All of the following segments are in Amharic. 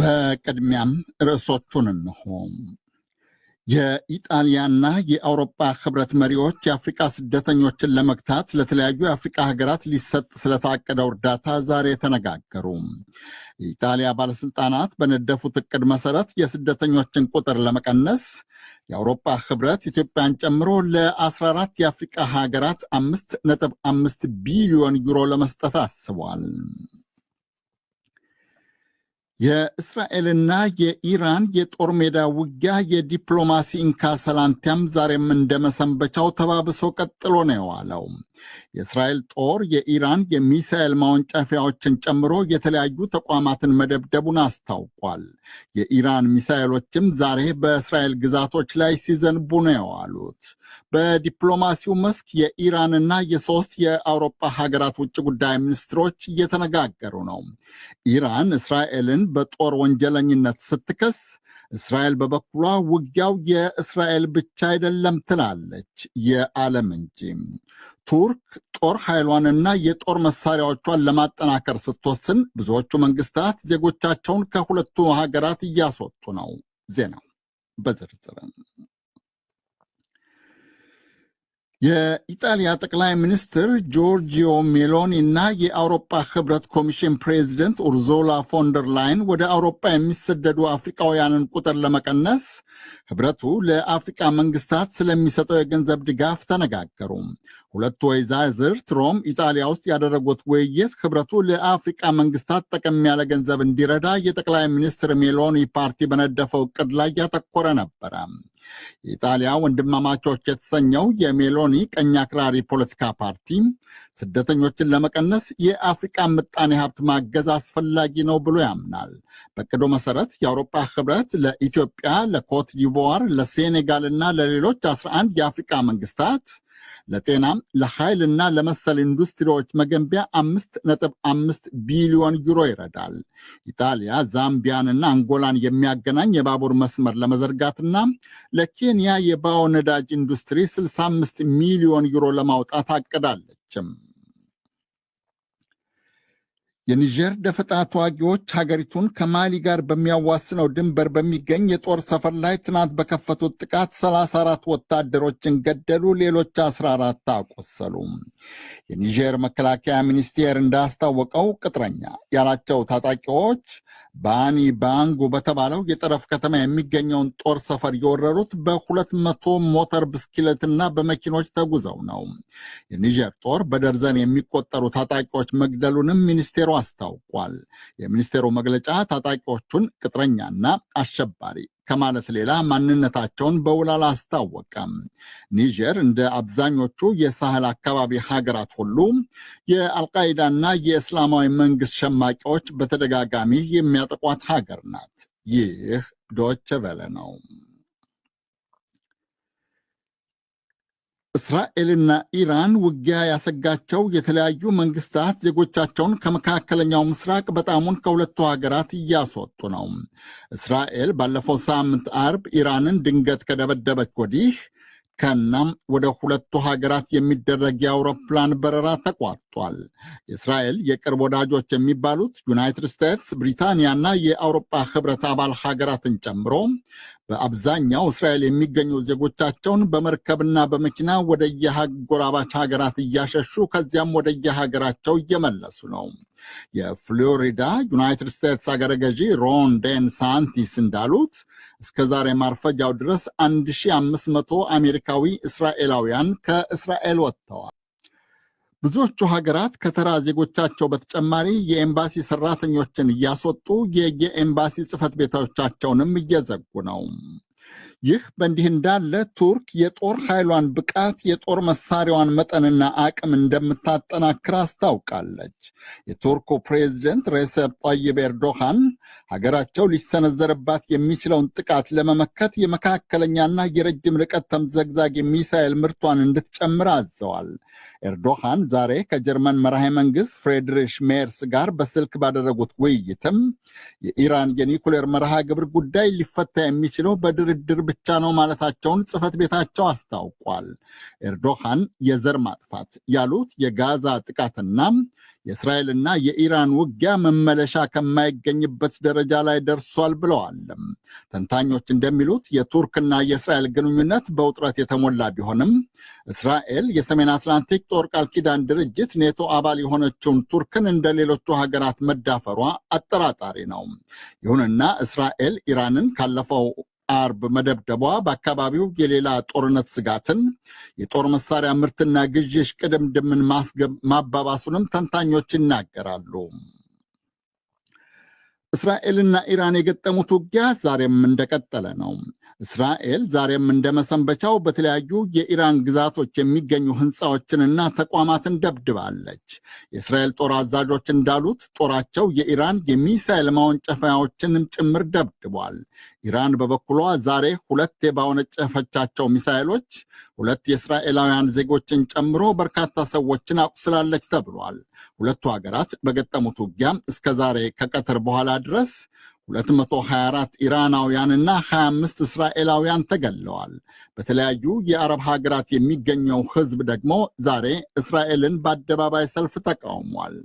በቅድሚያም ርዕሶቹን እንሆ። የኢጣሊያና የአውሮፓ ህብረት መሪዎች የአፍሪቃ ስደተኞችን ለመግታት ለተለያዩ የአፍሪቃ ሀገራት ሊሰጥ ስለታቀደው እርዳታ ዛሬ ተነጋገሩ። የኢጣሊያ ባለስልጣናት በነደፉት እቅድ መሰረት የስደተኞችን ቁጥር ለመቀነስ የአውሮፓ ህብረት ኢትዮጵያን ጨምሮ ለ14 የአፍሪቃ ሀገራት አምስት ቢሊዮን ዩሮ ለመስጠት አስቧል። የእስራኤልና የኢራን የጦር ሜዳ ውጊያ የዲፕሎማሲ እንካሰላንቲያም ዛሬም እንደመሰንበቻው ተባብሶ ቀጥሎ ነው የዋለው። የእስራኤል ጦር የኢራን የሚሳኤል ማወንጨፊያዎችን ጨምሮ የተለያዩ ተቋማትን መደብደቡን አስታውቋል። የኢራን ሚሳኤሎችም ዛሬ በእስራኤል ግዛቶች ላይ ሲዘንቡ ነው የዋሉት። በዲፕሎማሲው መስክ የኢራንና የሶስት የአውሮፓ ሀገራት ውጭ ጉዳይ ሚኒስትሮች እየተነጋገሩ ነው። ኢራን እስራኤልን በጦር ወንጀለኝነት ስትከስ እስራኤል በበኩሏ ውጊያው የእስራኤል ብቻ አይደለም ትላለች፣ የዓለም እንጂ። ቱርክ ጦር ኃይሏንና የጦር መሳሪያዎቿን ለማጠናከር ስትወስን፣ ብዙዎቹ መንግስታት ዜጎቻቸውን ከሁለቱ ሀገራት እያስወጡ ነው። ዜናው በዝርዝር የኢጣሊያ ጠቅላይ ሚኒስትር ጆርጂዮ ሜሎኒ እና የአውሮፓ ህብረት ኮሚሽን ፕሬዚደንት ኡርዞላ ፎንደር ላይን ወደ አውሮፓ የሚሰደዱ አፍሪካውያንን ቁጥር ለመቀነስ ህብረቱ ለአፍሪካ መንግስታት ስለሚሰጠው የገንዘብ ድጋፍ ተነጋገሩ። ሁለቱ ወይዛዝርት ሮም ኢጣሊያ ውስጥ ያደረጉት ውይይት ህብረቱ ለአፍሪቃ መንግስታት ጠቀም ያለ ገንዘብ እንዲረዳ የጠቅላይ ሚኒስትር ሜሎኒ ፓርቲ በነደፈው እቅድ ላይ ያተኮረ ነበረ። የኢጣሊያ ወንድማማቾች የተሰኘው የሜሎኒ ቀኝ አክራሪ ፖለቲካ ፓርቲ ስደተኞችን ለመቀነስ የአፍሪቃ ምጣኔ ሀብት ማገዝ አስፈላጊ ነው ብሎ ያምናል። በቅዶ መሰረት የአውሮፓ ህብረት ለኢትዮጵያ፣ ለኮት ዲቮር፣ ለሴኔጋል እና ለሌሎች 11 የአፍሪቃ መንግስታት ለጤና ለኃይልና ለመሰል ኢንዱስትሪዎች መገንቢያ አምስት ነጥብ አምስት ቢሊዮን ዩሮ ይረዳል። ኢጣሊያ ዛምቢያንና አንጎላን የሚያገናኝ የባቡር መስመር ለመዘርጋትና ለኬንያ የባዮ ነዳጅ ኢንዱስትሪ 65 ሚሊዮን ዩሮ ለማውጣት አቅዳለችም። የኒጀር ደፈጣ ተዋጊዎች ሀገሪቱን ከማሊ ጋር በሚያዋስነው ድንበር በሚገኝ የጦር ሰፈር ላይ ትናንት በከፈቱት ጥቃት 34 ወታደሮችን ገደሉ፣ ሌሎች 14 አቆሰሉ። የኒጀር መከላከያ ሚኒስቴር እንዳስታወቀው ቅጥረኛ ያላቸው ታጣቂዎች ባኒ ባንጉ በተባለው የጠረፍ ከተማ የሚገኘውን ጦር ሰፈር የወረሩት በሁለት መቶ ሞተር ብስክሌትና በመኪኖች ተጉዘው ነው። የኒጀር ጦር በደርዘን የሚቆጠሩ ታጣቂዎች መግደሉንም ሚኒስቴሩ አስታውቋል። የሚኒስቴሩ መግለጫ ታጣቂዎቹን ቅጥረኛና አሸባሪ ከማለት ሌላ ማንነታቸውን በውል አላስታወቀም። ኒጀር እንደ አብዛኞቹ የሳህል አካባቢ ሀገራት ሁሉ የአልቃይዳና የእስላማዊ መንግስት ሸማቂዎች በተደጋጋሚ የሚያጠቋት ሀገር ናት። ይህ ዶቸ ቨለ ነው። እስራኤልና ኢራን ውጊያ ያሰጋቸው የተለያዩ መንግስታት ዜጎቻቸውን ከመካከለኛው ምስራቅ በጣሙን ከሁለቱ ሀገራት እያስወጡ ነው። እስራኤል ባለፈው ሳምንት አርብ ኢራንን ድንገት ከደበደበች ወዲህ ከናም ወደ ሁለቱ ሀገራት የሚደረግ የአውሮፕላን በረራ ተቋርጧል። የእስራኤል የቅርብ ወዳጆች የሚባሉት ዩናይትድ ስቴትስ፣ ብሪታንያና የአውሮፓ ህብረት አባል ሀገራትን ጨምሮ በአብዛኛው እስራኤል የሚገኙ ዜጎቻቸውን በመርከብና በመኪና ወደ የአጎራባች ሀገራት እያሸሹ ከዚያም ወደ የሀገራቸው እየመለሱ ነው። የፍሎሪዳ ዩናይትድ ስቴትስ አገረ ገዢ ሮን ዴን ሳንቲስ እንዳሉት እስከ ዛሬ ማርፈጃው ድረስ 1500 አሜሪካዊ እስራኤላውያን ከእስራኤል ወጥተዋል። ብዙዎቹ ሀገራት ከተራ ዜጎቻቸው በተጨማሪ የኤምባሲ ሰራተኞችን እያስወጡ የየኤምባሲ ጽህፈት ቤቶቻቸውንም እየዘጉ ነው። ይህ በእንዲህ እንዳለ ቱርክ የጦር ኃይሏን ብቃት፣ የጦር መሳሪያዋን መጠንና አቅም እንደምታጠናክር አስታውቃለች። የቱርኩ ፕሬዚደንት ሬሰፕ ጠይብ ኤርዶሃን ሀገራቸው ሊሰነዘርባት የሚችለውን ጥቃት ለመመከት የመካከለኛና የረጅም ርቀት ተምዘግዛግ የሚሳኤል ምርቷን እንድትጨምር አዘዋል። ኤርዶሃን ዛሬ ከጀርመን መራሄ መንግስት ፍሬድሪሽ ሜርስ ጋር በስልክ ባደረጉት ውይይትም የኢራን የኒኩሌር መርሃ ግብር ጉዳይ ሊፈታ የሚችለው በድርድር ብቻ ነው ማለታቸውን ጽህፈት ቤታቸው አስታውቋል። ኤርዶሃን የዘር ማጥፋት ያሉት የጋዛ ጥቃትና የእስራኤልና የኢራን ውጊያ መመለሻ ከማይገኝበት ደረጃ ላይ ደርሷል ብለዋል። ተንታኞች እንደሚሉት የቱርክና የእስራኤል ግንኙነት በውጥረት የተሞላ ቢሆንም እስራኤል የሰሜን አትላንቲክ ጦር ቃል ኪዳን ድርጅት ኔቶ አባል የሆነችውን ቱርክን እንደ ሌሎቹ ሀገራት መዳፈሯ አጠራጣሪ ነው። ይሁንና እስራኤል ኢራንን ካለፈው አርብ መደብደቧ በአካባቢው የሌላ ጦርነት ስጋትን፣ የጦር መሳሪያ ምርትና ግዢ እሽቅድምድምን ማባባሱንም ተንታኞች ይናገራሉ። እስራኤልና ኢራን የገጠሙት ውጊያ ዛሬም እንደቀጠለ ነው። እስራኤል ዛሬም እንደመሰንበቻው በተለያዩ የኢራን ግዛቶች የሚገኙ ህንፃዎችንና ተቋማትን ደብድባለች። የእስራኤል ጦር አዛዦች እንዳሉት ጦራቸው የኢራን የሚሳኤል ማወንጨፊያዎችንም ጭምር ደብድቧል። ኢራን በበኩሏ ዛሬ ሁለት የባወነጨፈቻቸው ሚሳኤሎች ሁለት የእስራኤላውያን ዜጎችን ጨምሮ በርካታ ሰዎችን አቁስላለች ተብሏል። ሁለቱ ሀገራት በገጠሙት ውጊያም እስከ ዛሬ ከቀትር በኋላ ድረስ 224 ኢራናውያንና 25 እስራኤላውያን ተገለዋል። በተለያዩ የአረብ ሀገራት የሚገኘው ህዝብ ደግሞ ዛሬ እስራኤልን በአደባባይ ሰልፍ ተቃውሟል።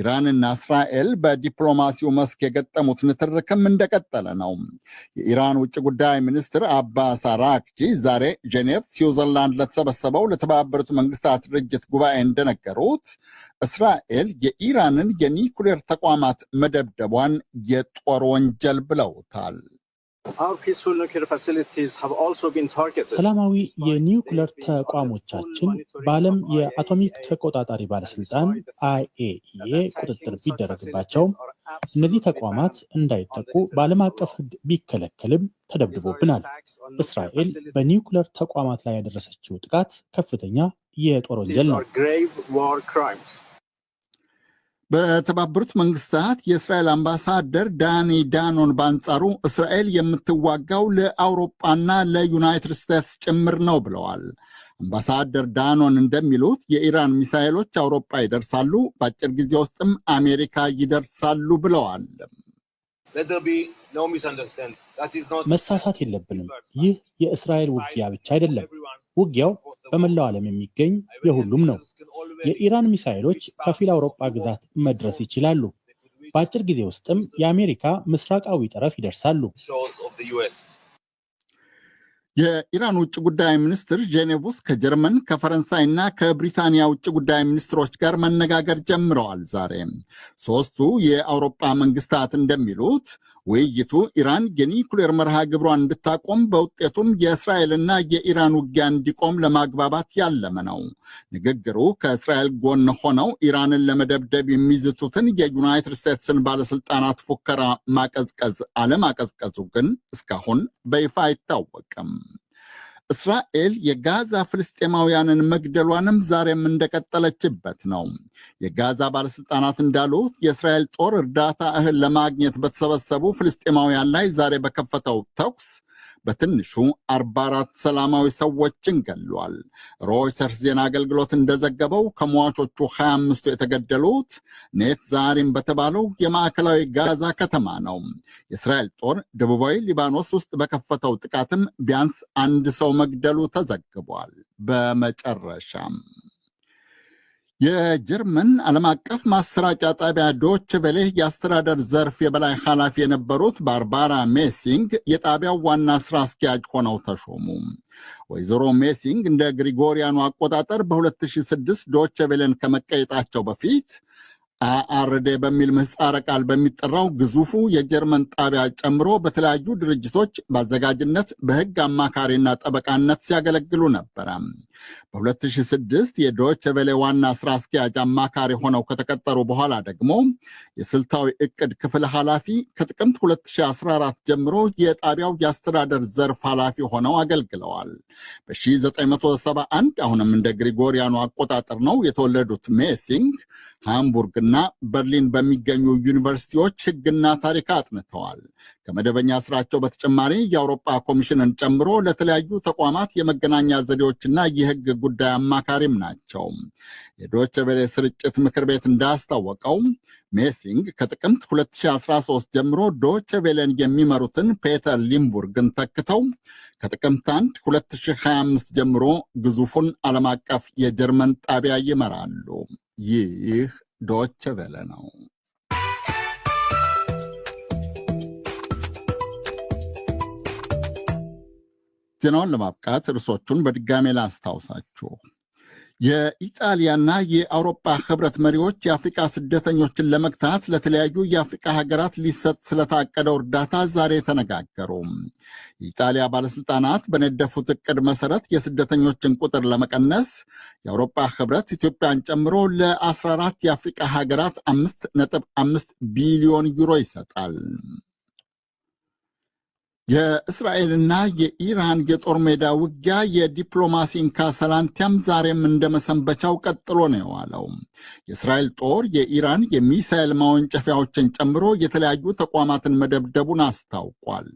ኢራንና እስራኤል በዲፕሎማሲው መስክ የገጠሙት ንትርክም እንደቀጠለ ነው። የኢራን ውጭ ጉዳይ ሚኒስትር አባስ አራክቺ ዛሬ ጄኔቭ ስዊዘርላንድ ለተሰበሰበው ለተባበሩት መንግስታት ድርጅት ጉባኤ እንደነገሩት እስራኤል የኢራንን የኒውክሌር ተቋማት መደብደቧን የጦር ወንጀል ብለውታል። ሰላማዊ የኒውክለር ተቋሞቻችን በዓለም e የአቶሚክ ተቆጣጣሪ ባለስልጣን አይኤኢኤ e ቁጥጥር ቢደረግባቸውም እነዚህ ተቋማት እንዳይጠቁ በዓለም አቀፍ ሕግ ቢከለከልም ተደብድቦብናል። እስራኤል በኒውክለር ተቋማት ላይ ያደረሰችው ጥቃት ከፍተኛ የጦር ወንጀል ነው። በተባበሩት መንግስታት የእስራኤል አምባሳደር ዳኒ ዳኖን በአንጻሩ እስራኤል የምትዋጋው ለአውሮጳና ለዩናይትድ ስቴትስ ጭምር ነው ብለዋል። አምባሳደር ዳኖን እንደሚሉት የኢራን ሚሳይሎች አውሮፓ ይደርሳሉ፣ በአጭር ጊዜ ውስጥም አሜሪካ ይደርሳሉ ብለዋል። መሳሳት የለብንም። ይህ የእስራኤል ውጊያ ብቻ አይደለም። ውጊያው በመላው ዓለም የሚገኝ የሁሉም ነው። የኢራን ሚሳይሎች ከፊል አውሮፓ ግዛት መድረስ ይችላሉ። በአጭር ጊዜ ውስጥም የአሜሪካ ምስራቃዊ ጠረፍ ይደርሳሉ። የኢራን ውጭ ጉዳይ ሚኒስትር ጄኔቭ ውስጥ ከጀርመን እና ከብሪታንያ ውጭ ጉዳይ ሚኒስትሮች ጋር መነጋገር ጀምረዋል። ዛሬ ሶስቱ የአውሮፓ መንግስታት እንደሚሉት ውይይቱ ኢራን የኒውክሌር መርሃ ግብሯን እንድታቆም በውጤቱም የእስራኤልና የኢራን ውጊያ እንዲቆም ለማግባባት ያለመ ነው። ንግግሩ ከእስራኤል ጎን ሆነው ኢራንን ለመደብደብ የሚዝቱትን የዩናይትድ ስቴትስን ባለስልጣናት ፉከራ ማቀዝቀዝ አለማቀዝቀዙ ግን እስካሁን በይፋ አይታወቅም። እስራኤል የጋዛ ፍልስጤማውያንን መግደሏንም ዛሬም እንደቀጠለችበት ነው። የጋዛ ባለስልጣናት እንዳሉት የእስራኤል ጦር እርዳታ እህል ለማግኘት በተሰበሰቡ ፍልስጤማውያን ላይ ዛሬ በከፈተው ተኩስ በትንሹ 44 ሰላማዊ ሰዎችን ገሏል። ሮይተርስ ዜና አገልግሎት እንደዘገበው ከሟቾቹ 25ቱ የተገደሉት ኔት ዛሪም በተባለው የማዕከላዊ ጋዛ ከተማ ነው። የእስራኤል ጦር ደቡባዊ ሊባኖስ ውስጥ በከፈተው ጥቃትም ቢያንስ አንድ ሰው መግደሉ ተዘግቧል። በመጨረሻም የጀርመን ዓለም አቀፍ ማሰራጫ ጣቢያ ዶች ቬለ የአስተዳደር ዘርፍ የበላይ ኃላፊ የነበሩት ባርባራ ሜሲንግ የጣቢያው ዋና ስራ አስኪያጅ ሆነው ተሾሙ። ወይዘሮ ሜሲንግ እንደ ግሪጎሪያኑ አቆጣጠር በ2006 ዶች ቬለን ከመቀየጣቸው በፊት አአርዴ በሚል ምህጻረ ቃል በሚጠራው ግዙፉ የጀርመን ጣቢያ ጨምሮ በተለያዩ ድርጅቶች በአዘጋጅነት በሕግ አማካሪና ጠበቃነት ሲያገለግሉ ነበረ። በ2006 የዶይቼ ዋና ስራ አስኪያጅ አማካሪ ሆነው ከተቀጠሩ በኋላ ደግሞ የስልታዊ እቅድ ክፍል ኃላፊ፣ ከጥቅምት 2014 ጀምሮ የጣቢያው የአስተዳደር ዘርፍ ኃላፊ ሆነው አገልግለዋል። በ1971 አሁንም እንደ ግሪጎሪያኑ አቆጣጠር ነው የተወለዱት ሜሲንግ እና በርሊን በሚገኙ ዩኒቨርሲቲዎች ሕግና ታሪክ አጥንተዋል። ከመደበኛ ስራቸው በተጨማሪ የአውሮፓ ኮሚሽንን ጨምሮ ለተለያዩ ተቋማት የመገናኛ ዘዴዎችና የሕግ ጉዳይ አማካሪም ናቸው። የዶች ቬለ ስርጭት ምክር ቤት እንዳስታወቀው ሜሲንግ ከጥቅምት 2013 ጀምሮ ዶች ቬለን የሚመሩትን ፔተር ሊምቡርግን ተክተው ከጥቅምት 1 2025 ጀምሮ ግዙፉን ዓለም አቀፍ የጀርመን ጣቢያ ይመራሉ። ይህ ዶች ቬለ ነው። ዜናውን ለማብቃት እርሶቹን በድጋሜ ላስታውሳችሁ። የኢጣሊያና የአውሮፓ ህብረት መሪዎች የአፍሪቃ ስደተኞችን ለመግታት ለተለያዩ የአፍሪቃ ሀገራት ሊሰጥ ስለታቀደው እርዳታ ዛሬ ተነጋገሩ። የኢጣሊያ ባለስልጣናት በነደፉት እቅድ መሰረት የስደተኞችን ቁጥር ለመቀነስ የአውሮፓ ህብረት ኢትዮጵያን ጨምሮ ለ14 የአፍሪቃ ሀገራት አምስት ቢሊዮን ዩሮ ይሰጣል። የእስራኤልና የኢራን የጦር ሜዳ ውጊያ የዲፕሎማሲ ንካሰላንቲያም ዛሬም እንደመሰንበቻው ቀጥሎ ነው የዋለው። የእስራኤል ጦር የኢራን የሚሳኤል ማወንጨፊያዎችን ጨምሮ የተለያዩ ተቋማትን መደብደቡን አስታውቋል።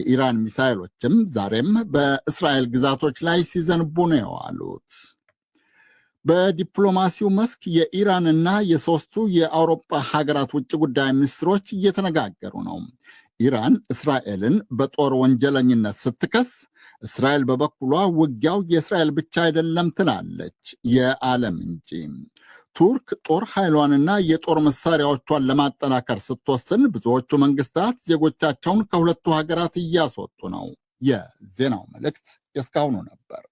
የኢራን ሚሳኤሎችም ዛሬም በእስራኤል ግዛቶች ላይ ሲዘንቡ ነው የዋሉት። በዲፕሎማሲው መስክ የኢራንና የሶስቱ የአውሮፓ ሀገራት ውጭ ጉዳይ ሚኒስትሮች እየተነጋገሩ ነው። ኢራን እስራኤልን በጦር ወንጀለኝነት ስትከስ እስራኤል በበኩሏ ውጊያው የእስራኤል ብቻ አይደለም ትላለች፣ የዓለም እንጂ። ቱርክ ጦር ኃይሏንና የጦር መሳሪያዎቿን ለማጠናከር ስትወስን ብዙዎቹ መንግስታት ዜጎቻቸውን ከሁለቱ ሀገራት እያስወጡ ነው። የዜናው መልእክት የእስካሁኑ ነበር።